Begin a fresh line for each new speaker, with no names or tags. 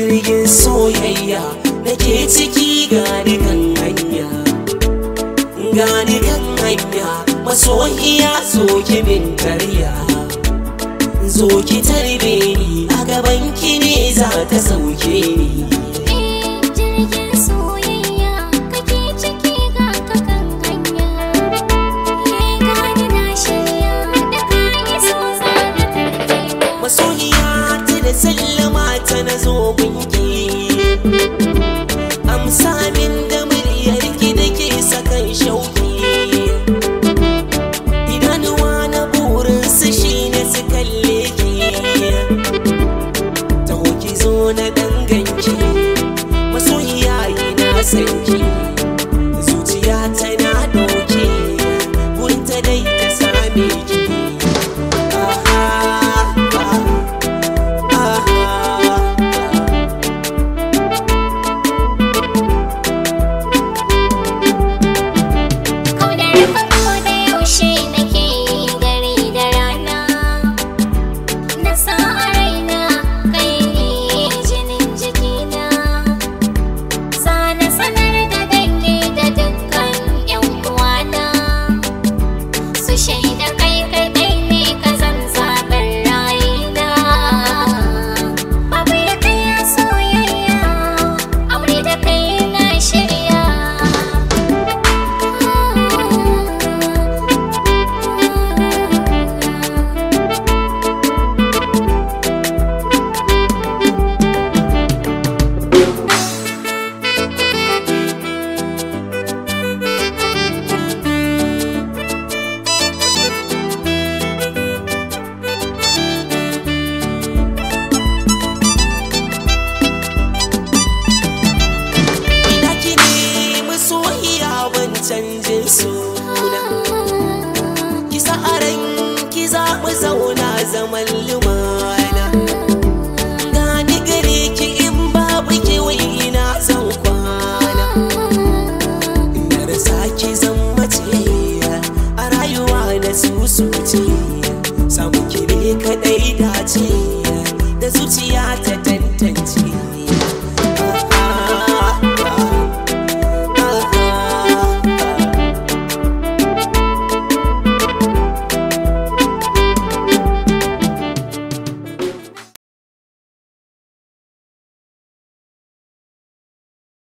jirgin soyayya nake ciki gani kan hanya gani kan hanya masoyiya soki min karya zo ki tarbe ni a gaban ki ne za ta sauke ni na we gunki